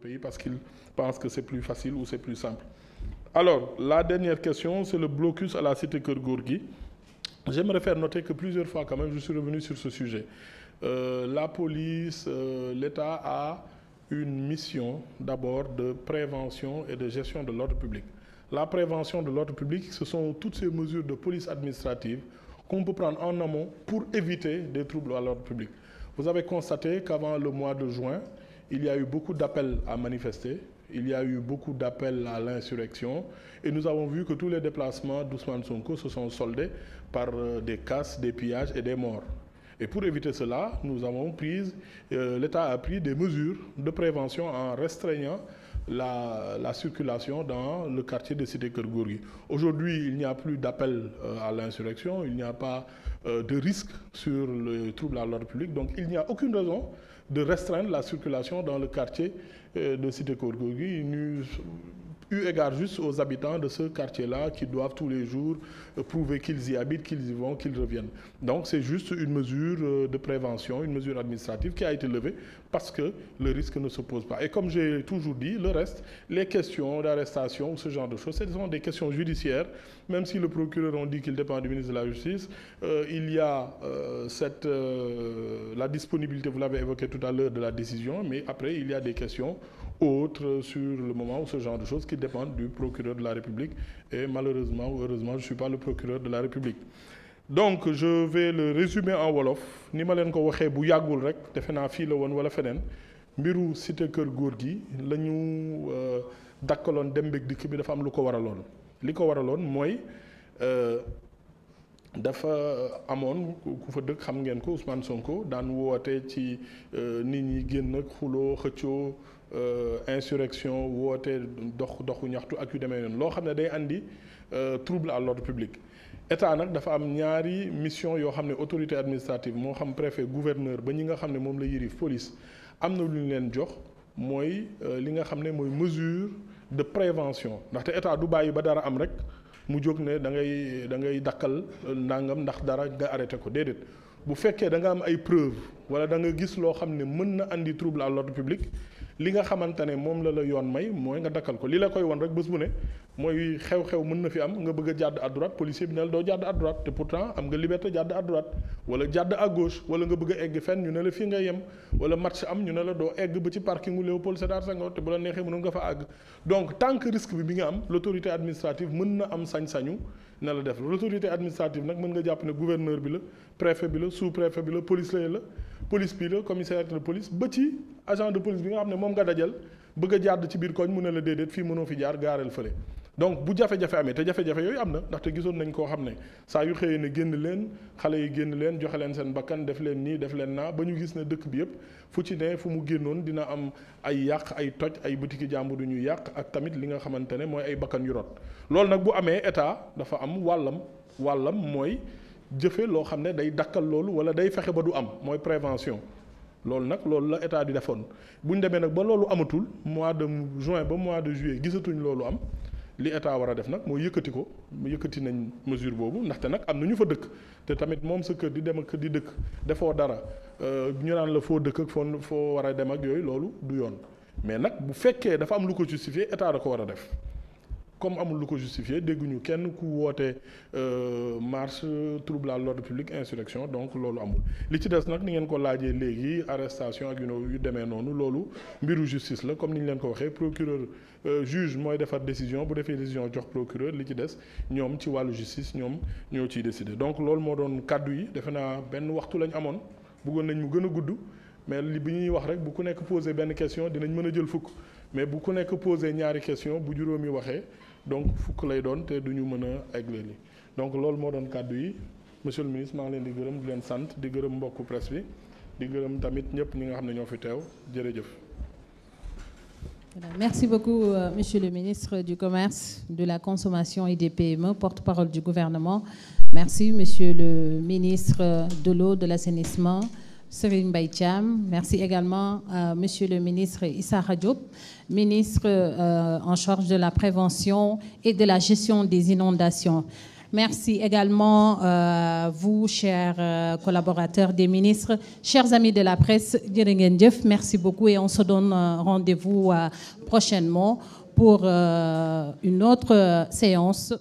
pays parce qu'ils pensent que c'est plus facile ou c'est plus simple. Alors, la dernière question, c'est le blocus à la cité Keur Gorgui. J'aimerais faire noter que plusieurs fois quand même, je suis revenu sur ce sujet. Euh, la police, euh, l'État a une mission d'abord de prévention et de gestion de l'ordre public. La prévention de l'ordre public, ce sont toutes ces mesures de police administrative qu'on peut prendre en amont pour éviter des troubles à l'ordre le mois de juin, il y a eu beaucoup d'appels à manifester il y a eu beaucoup d'appels à l'insurrection et nous avons vu que tous les déplacements d'Ousmane Sonko se sont soldés par euh, des casses, des pillages et des morts. Et pour éviter cela, nous avons pris, euh, l'État a pris des mesures de prévention en restreignant la la circulation dans le quartier de Cité Keur Gorgui aujourd'hui il n'y a plus d'appel euh, à l'insurrection il n'y a pas euh, de risque sur le trouble à l'ordre public donc il n'y a aucune raison de restreindre la circulation dans le quartier euh, de Cité Keur Gorgui eu égard juste aux habitants de ce quartier-là qui doivent tous les jours euh, prouver qu'ils y habitent, qu'ils y vont, qu'ils reviennent. Donc c'est juste une mesure euh, de prévention, une mesure administrative qui a été levée parce que le risque ne se pose pas. Et comme j'ai toujours dit, le reste, les questions d'arrestation ou ce genre de choses, ce sont des questions judiciaires, même si le procureur on dit qu'il dépend du ministre de la Justice, euh, il y a la disponibilité, vous l'avez évoqué tout à l'heure, mais après il des questions autres sur le moment ou ce genre de choses qui dépendent du procureur de la République. Et malheureusement ou heureusement, je ne suis pas le procureur de la République. donc je vais le résumer en wolof ni ma leen ko waxee bu yàggul rek defe naa fii la woon wala feneen mbiru cité kër góor gi la ñu euh, dakkaloon dem beeg dikk bi dafa am lu ko waraloon li ko waraloon mooy. Euh, dafa euh, amoon ku fa dëkk xam ngeen ko Ousmane Sonko daan woote ci euh, nit ñi génn ak xuloo xëccoo euh, insurrection woote dox doxu ñaxtu ak yu demee noonu loo xam ne day indi trouble à l'ordre public état nag dafa am ñaari mission yoo xam ne autorité administrative moo xam préfet gouverneur ba ñi nga xam ne moom la yërif police am na lu ñu leen jox mooy li nga xam ne mooy mesure de prévention ndaxte état du bàyyi ba dara am rek mu jóg ne da ngay da ngay dakkal euh, nangam ndax dara nga arrêté ko déedéet bu fekkee da nga am ay preuve wala danga gis loo xam ne mën na indi trouble à l'ordre public li nga xamante ne moom la la yoon may mooy nga dakkal ko li la koy won rek bés bu ne mooy xew-xew mën na fi am nga bëgg jàdd à droite policier bi ne la doo jàdd à droite te pourtant am nga liberté jàdd à droite wala jàdd à gauche nga bëgg a egg fenn ñu ne la fii nga yem wala match am ñu ne la doo egg ba ci parkingu Léopold Sédar Senghor te bu la neexee mënu nga fa àgg donc tant que risque bi bi nga am l'autorité administrative mën na am sañ-sañu ne la def l'autorité administrative nag mën nga jàpp ne gouverneur bi la préfet bi la sous-préfet bi police lay la police bi la commissaire de agent de police nga xam ne moom nga dajal bëgg jàdd ci biir koñ mu ne la déedéet fii mënoo fi jaar gaareel fële donc bu jafe-jafe amee te jafe-jafe yooyu am na ndaxte gisoon nañ koo xam ne saa yu xëyee ne génn leen xale yi génn leen joxe leen seen bakkan def leen nii def leen naa ba ñu gis ne dëkk bi yëpp fu ci ne fu mu génnoon dina am ay yàq ay toj ay boutique jàmbur yu ñu yàq ak tamit li nga xamante ne mooy ay bakkan yu loolu nag bu amee état dafa am wàllam wàllam mooy jëfe loo xam ne day dakkal loolu wala day fexe ba du am mooy prévention loolu nag loolu la état di defoon bu ñu demee nag ba loolu amatul mois de juin ba mois de juillet gisatuñ loolu am li état war a def nag mooy yëkkati ko yëkkati nañ mesure boobu ndaxte nag am na ñu fa dëkk te tamit moom sa kër di dem ak di dëkk defoo dara euh, ñu naan la foo dëkk ak foo foo war a dem ak yooyu loolu du yoon mais nag bu fekkee dafa am lu ko justifier état da ko war a def. comme amul lu ko justifier dégguñu kenn ku woote euh, marche trouble à l'ordre public insurrection donc loolu amul li ci des nag ni ngeen ko laajee léegi arrestation ak yu ne yu demee noonu loolu mbiru justice la comme ni ñu leen ko waxee procureur euh, juge mooy defar décision bu defee décision jox procureur li ci des ñoom ci wàllu justice ñoom ñoo ciy décider donc loolu moo doon kàddu yi defe naa benn waxtu lañ amoon bëggoon nañ mu gën a gudd mais li bi ñuy wax rek bu ku nekk posé benn question dinañ mën a jël fukk mais bu ku nekk posé ñaari question bu juróomi waxee donc fukk lay doon te du ñu mën a eggle li donc loolu moo doon kàddu yi monsieur le ministre maa ngi leen di gërëm di leen sant di gërëm mbokku presse bi di gërëm tamit ñëpp ñi nga xam ne ñoo fi teew jërëjëf. Voilà, merci beaucoup euh, monsieur le ministre du commerce de la consommation et des PME porte-parole du gouvernement merci monsieur le ministre de l'eau de l'assainissement Serigne Mbaye Merci également à euh, Monsieur le ministre Issa Diop, ministre euh, en charge de la prévention et de la gestion des inondations. Merci également à euh, vous, chers euh, collaborateurs des ministres, chers amis de la presse, jërë ngeen jëf, merci beaucoup et on se donne rendez-vous prochainement pour une autre séance.